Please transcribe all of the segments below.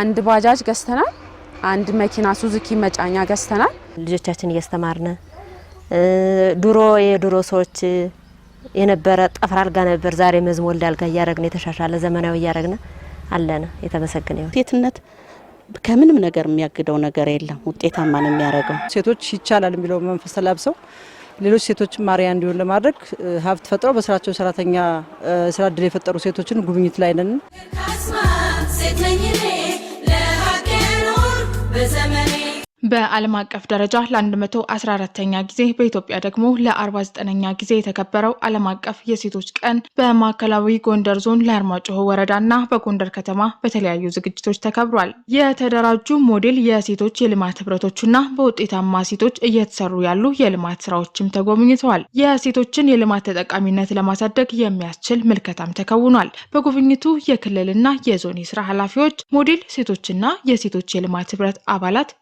አንድ ባጃጅ ገዝተናል። አንድ መኪና ሱዙኪ መጫኛ ገዝተናል። ልጆቻችን እያስተማርነ ድሮ የድሮ ሰዎች የነበረ ጠፍር አልጋ ነበር። ዛሬ መዝሞ ወልድ አልጋ እያረግነ የተሻሻለ ዘመናዊ እያረግነ አለነ። የተመሰገነ ይሁን። ሴትነት ከምንም ነገር የሚያግደው ነገር የለም። ውጤታማ ነው የሚያደርገው። ሴቶች ይቻላል የሚለው መንፈስ ተላብሰው ሌሎች ሴቶችን ማሪያ እንዲሆን ለማድረግ ሀብት ፈጥረው በስራቸው ሰራተኛ ስራ እድል የፈጠሩ ሴቶችን ጉብኝት ላይ ነን። በዘመኔ በዓለም አቀፍ ደረጃ ለ114ኛ ጊዜ በኢትዮጵያ ደግሞ ለ49ኛ ጊዜ የተከበረው ዓለም አቀፍ የሴቶች ቀን በማዕከላዊ ጎንደር ዞን ለአርማጭሆ እና በጎንደር ከተማ በተለያዩ ዝግጅቶች ተከብሯል። የተደራጁ ሞዴል የሴቶች የልማት ህብረቶችና በውጤታማ ሴቶች እየተሰሩ ያሉ የልማት ስራዎችም ተጎብኝተዋል። የሴቶችን የልማት ተጠቃሚነት ለማሳደግ የሚያስችል ምልከታም ተከውኗል። በጉብኝቱ የክልልና የዞን የስራ ኃላፊዎች፣ ሞዴል ሴቶችና የሴቶች የልማት ህብረት አባላት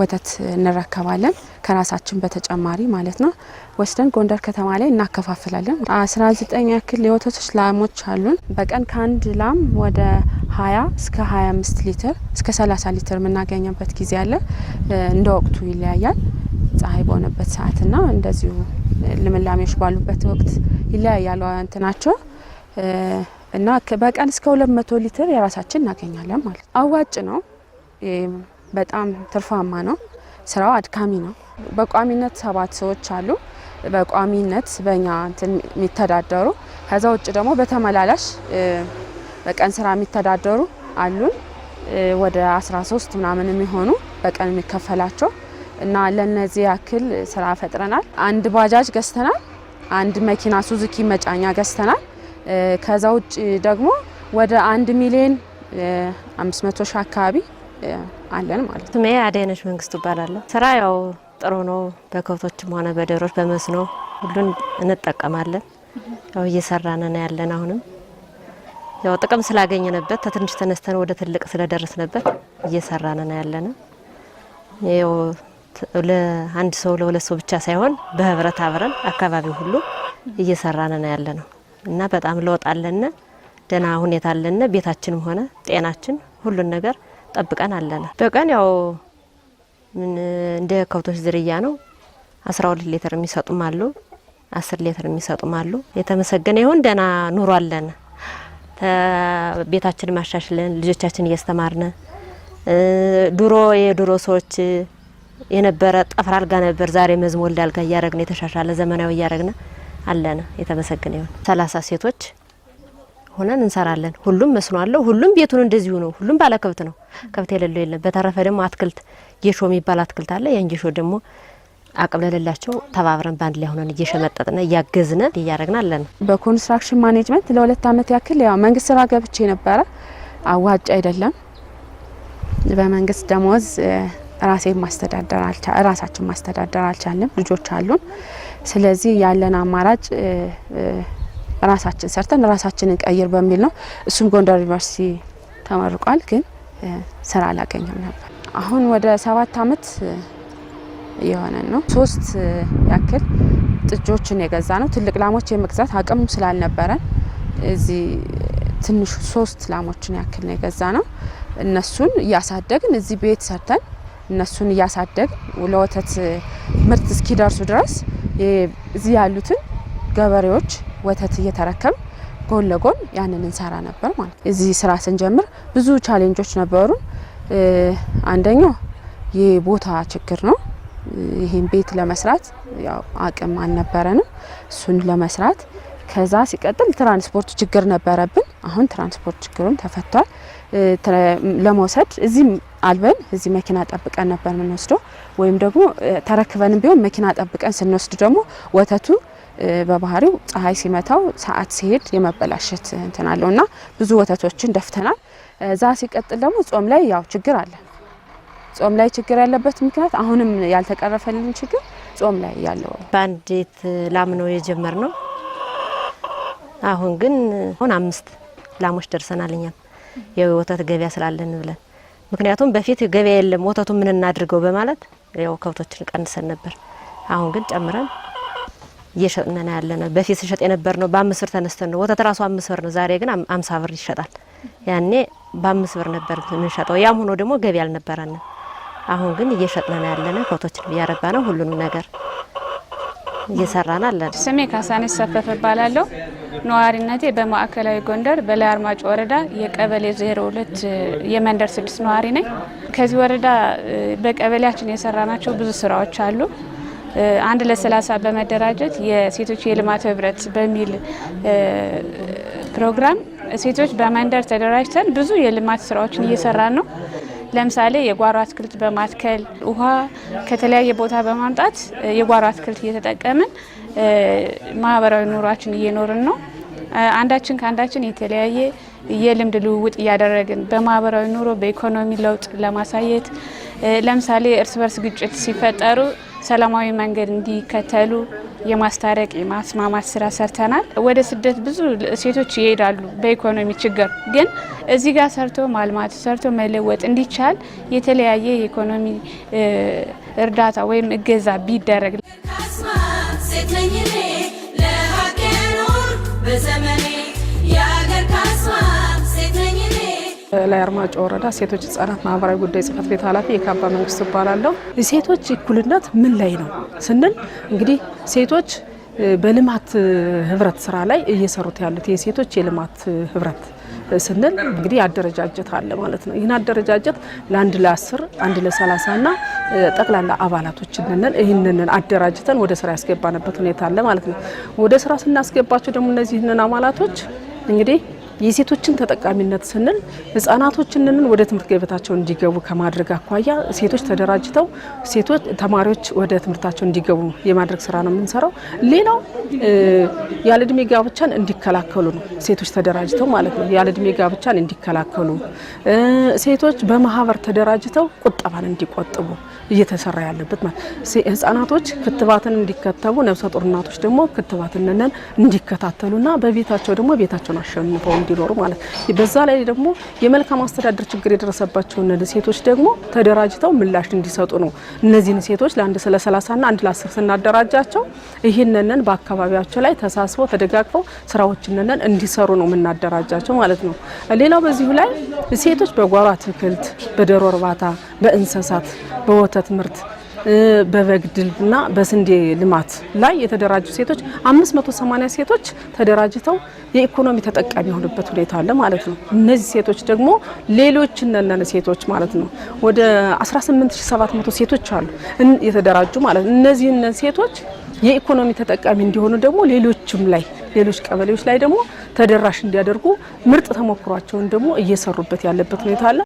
ወተት እንረከባለን ከራሳችን በተጨማሪ ማለት ነው። ወስደን ጎንደር ከተማ ላይ እናከፋፍላለን። 19 ያክል የወተቶች ላሞች አሉን። በቀን ከአንድ ላም ወደ ሀያ እስከ አምስት ሊትር እስከ 30 ሊትር የምናገኘበት ጊዜ አለ። እንደ ወቅቱ ይለያያል። ፀሐይ በሆነበት ሰዓትና እንደዚሁ ልምላሜዎች ባሉበት ወቅት ይለያያል እንትናቸው እና በቀን እስከ መቶ ሊትር የራሳችን እናገኛለን ማለት አዋጭ ነው። በጣም ትርፋማ ነው። ስራው አድካሚ ነው። በቋሚነት ሰባት ሰዎች አሉ በቋሚነት በእኛ የሚተዳደሩ ከዛ ውጭ ደግሞ በተመላላሽ በቀን ስራ የሚተዳደሩ አሉን ወደ 13 ምናምን የሚሆኑ በቀን የሚከፈላቸው እና ለነዚህ ያክል ስራ ፈጥረናል። አንድ ባጃጅ ገዝተናል። አንድ መኪና ሱዙኪ መጫኛ ገዝተናል። ከዛ ውጭ ደግሞ ወደ አንድ ሚሊዮን 500 ሺህ አካባቢ አለን ማለት ነው። ስሜ አደነሽ መንግስቱ እባላለሁ። ስራ ያው ጥሩ ነው። በከብቶችም ሆነ በደሮች በመስኖ ሁሉን እንጠቀማለን። ያው እየሰራን ነው ያለን። አሁንም ያው ጥቅም ስላገኘንበት ተትንሽ ተነስተን ወደ ትልቅ ስለደረስንበት እየሰራን ነው ያለን። ያው ለአንድ ሰው ለሁለት ሰው ብቻ ሳይሆን በህብረት አብረን አካባቢው ሁሉ እየሰራን ነው ያለ ነው እና በጣም ለውጥ አለን። ደህና ሁኔታ አለን። ቤታችንም ሆነ ጤናችን ሁሉን ነገር ጠብቀን አለነ። በቀን ያው እንደ ከብቶች ዝርያ ነው። አስራ ሁለት ሊትር የሚሰጡም አሉ፣ አስር ሊትር የሚሰጡም አሉ። የተመሰገነ ይሁን ደህና ኑሮ አለን። ቤታችን ማሻሽለን ልጆቻችን እያስተማርነ ድሮ የድሮ ሰዎች የነበረ ጠፍር አልጋ ነበር። ዛሬ መዝሞል አልጋ እያረግነ የተሻሻለ ዘመናዊ እያረግነ አለነ። የተመሰገነ ይሁን ሰላሳ ሴቶች ሆነን እንሰራለን። ሁሉም መስኖ አለው። ሁሉም ቤቱን እንደዚሁ ነው። ሁሉም ባለ ከብት ነው። ከብት የሌለው የለም። በተረፈ ደግሞ አትክልት ጌሾ የሚባል አትክልት አለ። ያን ጌሾ ደግሞ አቅም ለሌላቸው ተባብረን በአንድ ላይ ሆነን እየሸመጠጥነ እያገዝነ እያደረግን አለን። በኮንስትራክሽን ማኔጅመንት ለሁለት አመት ያክል ያው መንግስት ስራ ገብቼ ነበረ። አዋጭ አይደለም። በመንግስት ደሞዝ ራሴ ማስተዳደር አልቻ ራሳችን ማስተዳደር አልቻለም። ልጆች አሉን። ስለዚህ ያለን አማራጭ ራሳችን ሰርተን ራሳችንን ቀይር በሚል ነው። እሱም ጎንደር ዩኒቨርሲቲ ተመርቋል፣ ግን ስራ አላገኘም ነበር። አሁን ወደ ሰባት አመት የሆነን ነው። ሶስት ያክል ጥጆችን የገዛ ነው። ትልቅ ላሞች የመግዛት አቅም ስላልነበረን እዚህ ትንሹ ሶስት ላሞችን ያክል ነው የገዛ ነው። እነሱን እያሳደግን እዚህ ቤት ሰርተን እነሱን እያሳደግን ለወተት ምርት እስኪደርሱ ድረስ እዚህ ያሉትን ገበሬዎች ወተት እየተረከም ጎን ለጎን ያንን እንሰራ ነበር ማለት ነው። እዚህ ስራ ስንጀምር ብዙ ቻሌንጆች ነበሩ። አንደኛው የቦታ ችግር ነው። ይህን ቤት ለመስራት ያው አቅም አልነበረንም እሱን ለመስራት። ከዛ ሲቀጥል ትራንስፖርት ችግር ነበረብን። አሁን ትራንስፖርት ችግሩን ተፈቷል። ለመውሰድ እዚህም አልበን እዚህ መኪና ጠብቀን ነበር የምንወስደው፣ ወይም ደግሞ ተረክበንም ቢሆን መኪና ጠብቀን ስንወስድ ደግሞ ወተቱ በባህሪው ፀሐይ ሲመታው ሰዓት ሲሄድ የመበላሸት እንትን አለው እና ብዙ ወተቶችን ደፍተናል። እዛ ሲቀጥል ደግሞ ጾም ላይ ያው ችግር አለ። ጾም ላይ ችግር ያለበት ምክንያት አሁንም ያልተቀረፈልን ችግር ጾም ላይ ያለው በአንዲት ላም ነው የጀመር ነው። አሁን ግን አሁን አምስት ላሞች ደርሰናል። እኛም የወተት ገበያ ስላለን ብለን ምክንያቱም በፊት ገበያ የለም ወተቱ ምን እናድርገው በማለት ያው ከብቶችን ቀንሰን ነበር። አሁን ግን ጨምረን እየሸጥነን ያለ ነው። በፊት ስንሸጥ የነበር ነው በአምስት ብር ተነስተን ነው። ወተት ራሱ አምስት ብር ነው፣ ዛሬ ግን አምሳ ብር ይሸጣል። ያኔ በአምስት ብር ነበር የምንሸጠው። ያም ሆኖ ደግሞ ገቢ አልነበረንም። አሁን ግን እየሸጥነን ያለ ነው። ከብቶችን እያረባ ነው፣ ሁሉንም ነገር እየሰራን አለ ስሜ ካሳኔ ሰፈፍ እባላለሁ። ነዋሪነቴ በማዕከላዊ ጎንደር በላይ አርማጭሆ ወረዳ የቀበሌ ዜሮ ሁለት የመንደር ስድስት ነዋሪ ነኝ። ከዚህ ወረዳ በቀበሌያችን የሰራናቸው ብዙ ስራዎች አሉ። አንድ ለሰላሳ በመደራጀት የሴቶች የልማት ህብረት በሚል ፕሮግራም ሴቶች በመንደር ተደራጅተን ብዙ የልማት ስራዎችን እየሰራን ነው። ለምሳሌ የጓሮ አትክልት በማትከል ውሃ ከተለያየ ቦታ በማምጣት የጓሮ አትክልት እየተጠቀምን ማህበራዊ ኑሯችን እየኖርን ነው። አንዳችን ከአንዳችን የተለያየ የልምድ ልውውጥ እያደረግን በማህበራዊ ኑሮ በኢኮኖሚ ለውጥ ለማሳየት ለምሳሌ እርስ በርስ ግጭት ሲፈጠሩ ሰላማዊ መንገድ እንዲከተሉ የማስታረቅ የማስማማት ስራ ሰርተናል። ወደ ስደት ብዙ ሴቶች ይሄዳሉ በኢኮኖሚ ችግር። ግን እዚህ ጋር ሰርቶ ማልማት ሰርቶ መለወጥ እንዲቻል የተለያየ የኢኮኖሚ እርዳታ ወይም እገዛ ቢደረግ ላይ አርማጮ ወረዳ ሴቶች ህጻናት ማህበራዊ ጉዳይ ጽህፈት ቤት ኃላፊ የካባ መንግስት እባላለሁ። የሴቶች እኩልነት ምን ላይ ነው ስንል እንግዲህ ሴቶች በልማት ህብረት ስራ ላይ እየሰሩት ያሉት የሴቶች የልማት ህብረት ስንል እንግዲህ አደረጃጀት አለ ማለት ነው። ይህን አደረጃጀት ለአንድ ለአስር አንድ ለሰላሳ ና ጠቅላላ አባላቶች እንነን ይህንን አደራጅተን ወደ ስራ ያስገባንበት ሁኔታ አለ ማለት ነው። ወደ ስራ ስናስገባቸው ደግሞ እነዚህንን አባላቶች እንግዲህ የሴቶችን ተጠቃሚነት ስንል ህጻናቶችንን ወደ ትምህርት ገበታቸው እንዲገቡ ከማድረግ አኳያ ሴቶች ተደራጅተው ሴቶች ተማሪዎች ወደ ትምህርታቸው እንዲገቡ የማድረግ ስራ ነው የምንሰራው። ሌላው ያለ እድሜ ጋብቻን እንዲከላከሉ ነው። ሴቶች ተደራጅተው ማለት ነው ያለ እድሜ ጋብቻን እንዲከላከሉ፣ ሴቶች በማህበር ተደራጅተው ቁጠባን እንዲቆጥቡ እየተሰራ ያለበት ማለት ህጻናቶች ክትባትን እንዲከተቡ፣ ነፍሰ ጡር እናቶች ደግሞ ክትባትንን እንዲከታተሉና በቤታቸው ደግሞ ቤታቸውን አሸንፈው እንዲኖሩ ማለት ነው። በዛ ላይ ደግሞ የመልካም አስተዳደር ችግር የደረሰባቸው እነዚህ ሴቶች ደግሞ ተደራጅተው ምላሽ እንዲሰጡ ነው። እነዚህን ሴቶች ለአንድ ስለ ና አንድ ለአስር ስናደራጃቸው ይህንንን በአካባቢያቸው ላይ ተሳስበው ተደጋግፈው ስራዎችንን እንዲሰሩ ነው የምናደራጃቸው ማለት ነው። ሌላው በዚሁ ላይ ሴቶች በጓሮ አትክልት፣ በዶሮ እርባታ፣ በእንስሳት፣ በወተት ምርት በበግ ድልና በስንዴ ልማት ላይ የተደራጁ ሴቶች 580 ሴቶች ተደራጅተው የኢኮኖሚ ተጠቃሚ የሆኑበት ሁኔታ አለ ማለት ነው። እነዚህ ሴቶች ደግሞ ሌሎች እነነን ሴቶች ማለት ነው ወደ 18700 ሴቶች አሉ የተደራጁ ማለት ነው። እነዚህ እነን ሴቶች የኢኮኖሚ ተጠቃሚ እንዲሆኑ ደግሞ ሌሎችም ላይ ሌሎች ቀበሌዎች ላይ ደግሞ ተደራሽ እንዲያደርጉ ምርጥ ተሞክሯቸውን ደግሞ እየሰሩበት ያለበት ሁኔታ አለ።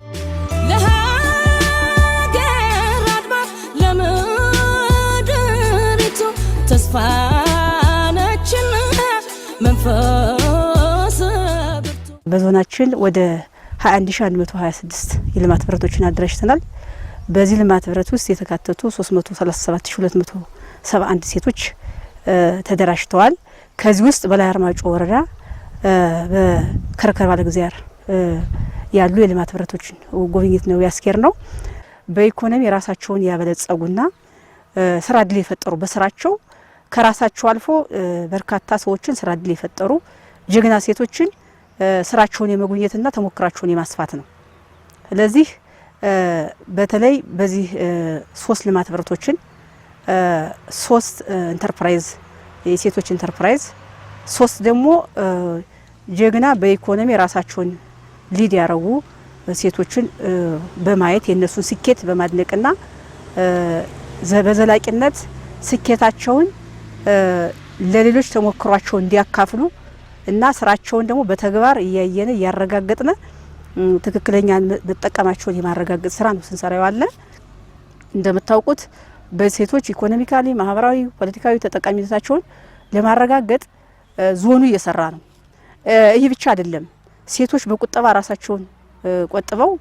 ነችና መንፈስ በዞናችን ወደ 21126 የልማት ህብረቶችን አደራጅተናል። በዚህ ልማት ህብረት ውስጥ የተካተቱ 337271 ሴቶች ተደራጅተዋል። ከዚህ ውስጥ በላይ አርማጮ ወረዳ በከርከር ባለግዚያር ያሉ የልማት ህብረቶችን ጉብኝት ነው ያስኬር ነው። በኢኮኖሚ ራሳቸውን ያበለጸጉና ስራ እድል የፈጠሩ በስራቸው ከራሳቸው አልፎ በርካታ ሰዎችን ስራ እድል የፈጠሩ ጀግና ሴቶችን ስራቸውን የመጉኘትና ተሞክራቸውን የማስፋት ነው። ስለዚህ በተለይ በዚህ ሶስት ልማት ህብረቶችን ሶስት ኢንተርፕራይዝ የሴቶች ኢንተርፕራይዝ ሶስት ደግሞ ጀግና በኢኮኖሚ ራሳቸውን ሊድ ያረጉ ሴቶችን በማየት የእነሱን ስኬት በማድነቅና በዘላቂነት ስኬታቸውን ለሌሎች ተሞክሯቸው እንዲያካፍሉ እና ስራቸውን ደግሞ በተግባር እያየን እያረጋገጥነ ትክክለኛ መጠቀማቸውን የማረጋገጥ ስራ ነው ስንሰራ ዋለ። እንደምታውቁት በሴቶች ኢኮኖሚካሊ፣ ማህበራዊ፣ ፖለቲካዊ ተጠቃሚነታቸውን ለማረጋገጥ ዞኑ እየሰራ ነው። ይህ ብቻ አይደለም። ሴቶች በቁጠባ ራሳቸውን ቆጥበው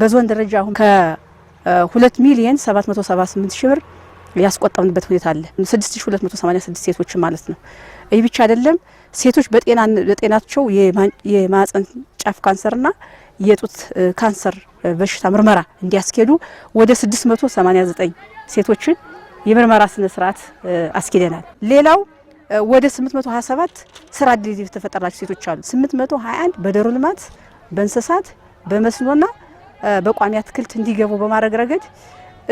በዞን ደረጃ አሁን ከ2 ሚሊየን 778 ሺህ ብር ያስቆጠምንበት ሁኔታ አለ። 6286 ሴቶች ማለት ነው። ይህ ብቻ አይደለም። ሴቶች በጤናቸው የማህፀን ጫፍ ካንሰርና የጡት ካንሰር በሽታ ምርመራ እንዲያስኬዱ ወደ 689 ሴቶችን የምርመራ ስነ ስርዓት አስኪደናል። ሌላው ወደ 827 ስራ እድል የተፈጠራቸው ሴቶች አሉ። 821 በዶሮ ልማት፣ በእንስሳት፣ በመስኖና በቋሚ አትክልት እንዲገቡ በማድረግ ረገድ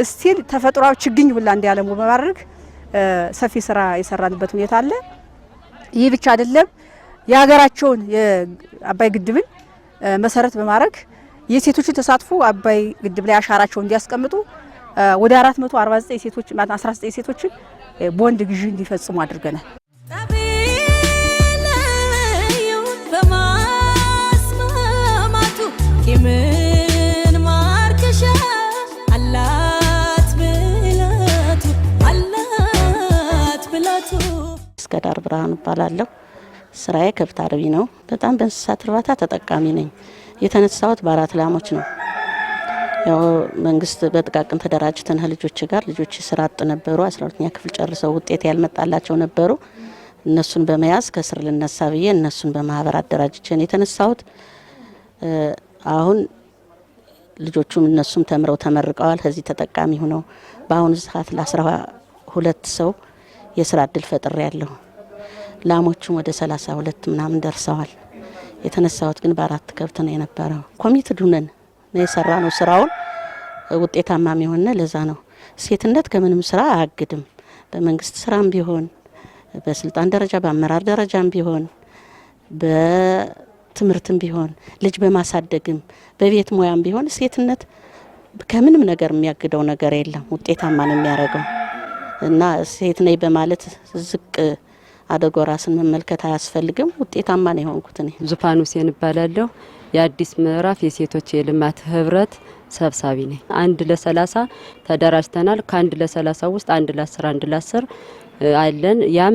እስቲል ተፈጥሯዊ ችግኝ ሁላ እንዲያለሙ በማድረግ ሰፊ ስራ የሰራንበት ሁኔታ አለ። ይህ ብቻ አይደለም። የሀገራቸውን የአባይ ግድብን መሰረት በማድረግ የሴቶችን ተሳትፎ አባይ ግድብ ላይ አሻራቸውን እንዲያስቀምጡ ወደ 449 ሴቶች 19 ሴቶችን ቦንድ ግዢ እንዲፈጽሙ አድርገናል። ብርሃኑ እባላለሁ። ስራዬ ከብት አርቢ ነው። በጣም በእንስሳት እርባታ ተጠቃሚ ነኝ። የተነሳሁት በአራት ላሞች ነው። ያው መንግስት በጥቃቅን ተደራጅተን ልጆች ጋር ልጆች ስራ አጥ ነበሩ። አስራ ሁለተኛ ክፍል ጨርሰው ውጤት ያልመጣላቸው ነበሩ። እነሱን በመያዝ ከስር ልነሳ ብዬ እነሱን በማህበር አደራጅቼን የተነሳሁት አሁን ልጆቹም እነሱም ተምረው ተመርቀዋል። ከዚህ ተጠቃሚ ሁነው በአሁኑ ሰዓት ለአስራ ሁለት ሰው የስራ እድል ፈጥሬ ያለሁ። ላሞቹም ወደ ሰላሳ ሁለት ምናምን ደርሰዋል። የተነሳሁት ግን በአራት ከብት ነው የነበረው። ኮሚትድ ሁነን ነው የሰራ ነው ስራውን ውጤታማ የሆነ ለዛ ነው። ሴትነት ከምንም ስራ አያግድም። በመንግስት ስራም ቢሆን በስልጣን ደረጃ በአመራር ደረጃም ቢሆን በትምህርትም ቢሆን ልጅ በማሳደግም በቤት ሙያም ቢሆን ሴትነት ከምንም ነገር የሚያግደው ነገር የለም። ውጤታማ ነው የሚያደርገው እና ሴት ነኝ በማለት ዝቅ አደጎ ራስን መመልከት አያስፈልግም። ውጤታማ ነው የሆንኩት። እኔ ዙፋን ሁሴን እባላለሁ። የአዲስ ምዕራፍ የሴቶች የልማት ህብረት ሰብሳቢ ነኝ። አንድ ለሰላሳ ተደራጅተናል። ከአንድ ለሰላሳ ውስጥ አንድ ለአስር አንድ ለአስር አለን። ያም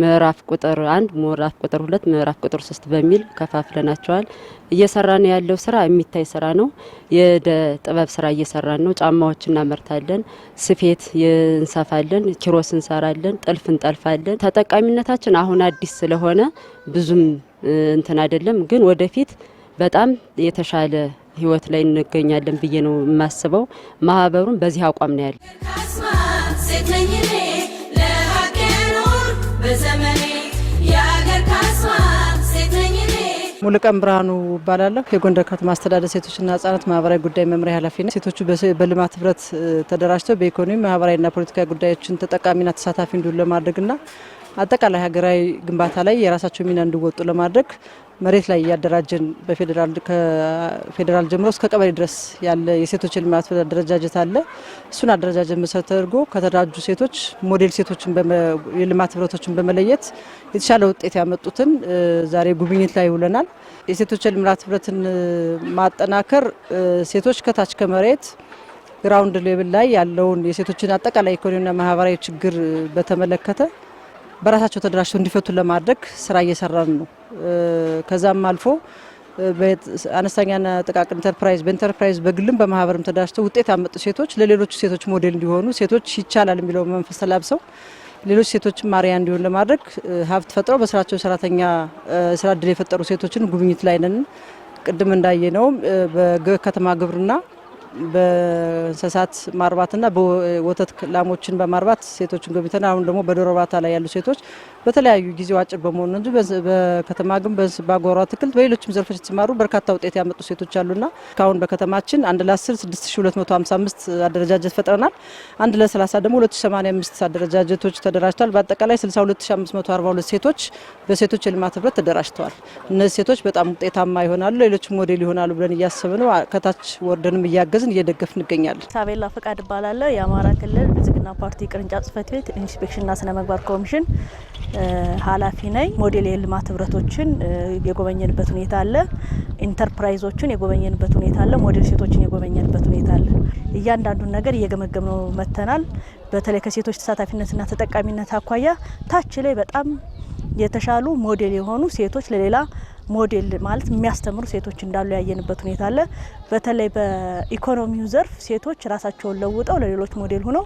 ምዕራፍ ቁጥር አንድ ምዕራፍ ቁጥር ሁለት ምዕራፍ ቁጥር ሶስት በሚል ከፋፍለናቸዋል። እየሰራን ያለው ስራ የሚታይ ስራ ነው። የእደ ጥበብ ስራ እየሰራን ነው። ጫማዎች እናመርታለን፣ ስፌት እንሰፋለን፣ ኪሮስ እንሰራለን፣ ጥልፍ እንጠልፋለን። ተጠቃሚነታችን አሁን አዲስ ስለሆነ ብዙም እንትን አይደለም፣ ግን ወደፊት በጣም የተሻለ ህይወት ላይ እንገኛለን ብዬ ነው የማስበው። ማህበሩን በዚህ አቋም ነው ያለ ሙልቀን ሙሉቀን ብርሃኑ እባላለሁ። የጎንደር ከተማ አስተዳደር ሴቶችና ህጻናት ማህበራዊ ጉዳይ መምሪያ ኃላፊ ነኝ። ሴቶቹ በልማት ህብረት ተደራጅተው በኢኮኖሚ ማህበራዊና ፖለቲካዊ ጉዳዮችን ተጠቃሚና ተሳታፊ እንዲሆኑ ለማድረግና አጠቃላይ ሀገራዊ ግንባታ ላይ የራሳቸው ሚና እንዲወጡ ለማድረግ መሬት ላይ እያደራጀን በፌዴራል ከፌዴራል ጀምሮ እስከ ቀበሌ ድረስ ያለ የሴቶች ልማት አደረጃጀት አለ። እሱን አደረጃጀት መሰረት ተደርጎ ከተደራጁ ሴቶች ሞዴል ሴቶችን የልማት ህብረቶችን በመለየት የተሻለ ውጤት ያመጡትን ዛሬ ጉብኝት ላይ ይውለናል። የሴቶች ልማት ህብረትን ማጠናከር ሴቶች ከታች ከመሬት ግራውንድ ሌብል ላይ ያለውን የሴቶችን አጠቃላይ ኢኮኖሚና ማህበራዊ ችግር በተመለከተ በራሳቸው ተደራጅተው እንዲፈቱ ለማድረግ ስራ እየሰራን ነው። ከዛም አልፎ አነስተኛና ጥቃቅን ኢንተርፕራይዝ በኢንተርፕራይዝ በግልም በማህበርም ተደራጅተው ውጤት ያመጡ ሴቶች ለሌሎቹ ሴቶች ሞዴል እንዲሆኑ ሴቶች ይቻላል የሚለው መንፈስ ተላብሰው ሌሎች ሴቶችን ማሪያ እንዲሆን ለማድረግ ሀብት ፈጥረው በስራቸው ሰራተኛ ስራ እድል የፈጠሩ ሴቶችን ጉብኝት ላይ ነን። ቅድም እንዳየ ነው በከተማ ግብርና በእንስሳት ማርባትና በወተት ላሞችን በማርባት ሴቶችን ጎብኝተናል። አሁን ደግሞ በዶሮ እርባታ ላይ ያሉ ሴቶች በተለያዩ ጊዜው አጭር በመሆኑ እንጂ በከተማ ግን በጓሮ አትክልት፣ በሌሎችም ዘርፎች የተሰማሩ በርካታ ውጤት ያመጡ ሴቶች አሉና እስካሁን በከተማችን አንድ ለ10 6255 አደረጃጀት ፈጥረናል። አንድ ለ30 ደግሞ 285 አደረጃጀቶች ተደራጅተዋል። በአጠቃላይ 62542 ሴቶች በሴቶች የልማት ህብረት ተደራጅተዋል። እነዚህ ሴቶች በጣም ውጤታማ ይሆናሉ፣ ሌሎችም ሞዴል ይሆናሉ ብለን እያሰብ ነው። ከታች ወርደንም እያገዝ እያገዝን እየደገፍ እንገኛለን። ሳቤላ ፈቃድ እባላለሁ። የአማራ ክልል ብልጽግና ፓርቲ ቅርንጫፍ ጽህፈት ቤት ኢንስፔክሽንና ስነ ምግባር ኮሚሽን ኃላፊ ነኝ። ሞዴል የልማት ህብረቶችን የጎበኘንበት ሁኔታ አለ። ኢንተርፕራይዞችን የጎበኘንበት ሁኔታ አለ። ሞዴል ሴቶችን የጎበኘንበት ሁኔታ አለ። እያንዳንዱን ነገር እየገመገም ነው መጥተናል። በተለይ ከሴቶች ተሳታፊነትና ተጠቃሚነት አኳያ ታች ላይ በጣም የተሻሉ ሞዴል የሆኑ ሴቶች ለሌላ ሞዴል ማለት የሚያስተምሩ ሴቶች እንዳሉ ያየንበት ሁኔታ አለ። በተለይ በኢኮኖሚው ዘርፍ ሴቶች ራሳቸውን ለውጠው ለሌሎች ሞዴል ሆነው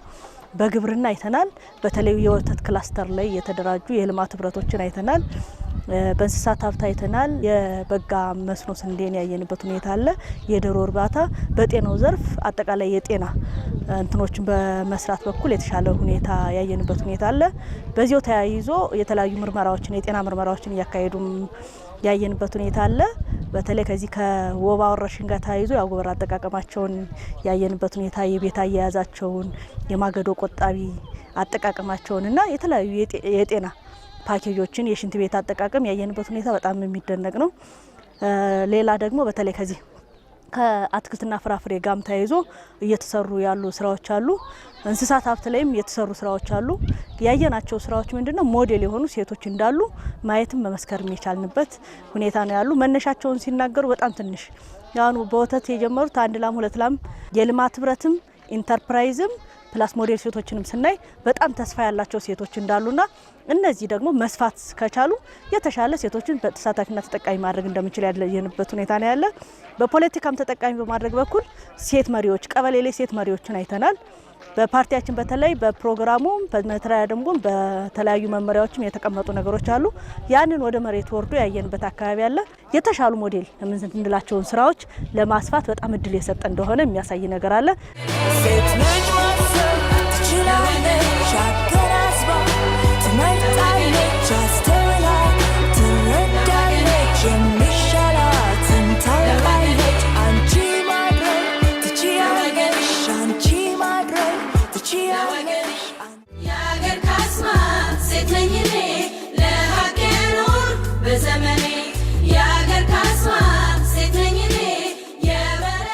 በግብርና አይተናል። በተለይ የወተት ክላስተር ላይ የተደራጁ የልማት ህብረቶችን አይተናል። በእንስሳት ሀብት አይተናል። የበጋ መስኖ ስንዴን ያየንበት ሁኔታ አለ። የዶሮ እርባታ፣ በጤናው ዘርፍ አጠቃላይ የጤና እንትኖችን በመስራት በኩል የተሻለ ሁኔታ ያየንበት ሁኔታ አለ። በዚያው ተያይዞ የተለያዩ ምርመራዎችን የጤና ምርመራዎችን እያካሄዱም ያየንበት ሁኔታ አለ። በተለይ ከዚህ ከወባ ወረርሽኝ ጋር ተያይዞ የአጎበር አጠቃቀማቸውን ያየንበት ሁኔታ፣ የቤት አያያዛቸውን፣ የማገዶ ቆጣቢ አጠቃቀማቸውንና የተለያዩ የጤና ፓኬጆችን የሽንት ቤት አጠቃቀም ያየንበት ሁኔታ በጣም የሚደነቅ ነው። ሌላ ደግሞ በተለይ ከዚህ ከአትክልትና ፍራፍሬ ጋም ተያይዞ እየተሰሩ ያሉ ስራዎች አሉ። እንስሳት ሀብት ላይም የተሰሩ ስራዎች አሉ። ያየናቸው ስራዎች ምንድነው ሞዴል የሆኑ ሴቶች እንዳሉ ማየትም መመስከርም የቻልንበት ሁኔታ ነው ያሉ መነሻቸውን ሲናገሩ በጣም ትንሽ ያኑ በወተት የጀመሩት አንድ ላም ሁለት ላም የልማት ህብረትም ኢንተርፕራይዝም ፕላስ ሞዴል ሴቶችንም ስናይ በጣም ተስፋ ያላቸው ሴቶች እንዳሉና እነዚህ ደግሞ መስፋት ከቻሉ የተሻለ ሴቶችን በተሳታፊና ተጠቃሚ ማድረግ እንደምንችል ያለየንበት ሁኔታ ነው ያለ። በፖለቲካም ተጠቃሚ በማድረግ በኩል ሴት መሪዎች ቀበሌ ላይ ሴት መሪዎችን አይተናል። በፓርቲያችን በተለይ በፕሮግራሙ በመተሪያ ደንቡን በተለያዩ መመሪያዎችም የተቀመጡ ነገሮች አሉ። ያንን ወደ መሬት ወርዶ ያየንበት አካባቢ አለ። የተሻሉ ሞዴል የምንላቸውን ስራዎች ለማስፋት በጣም እድል የሰጠ እንደሆነ የሚያሳይ ነገር አለ።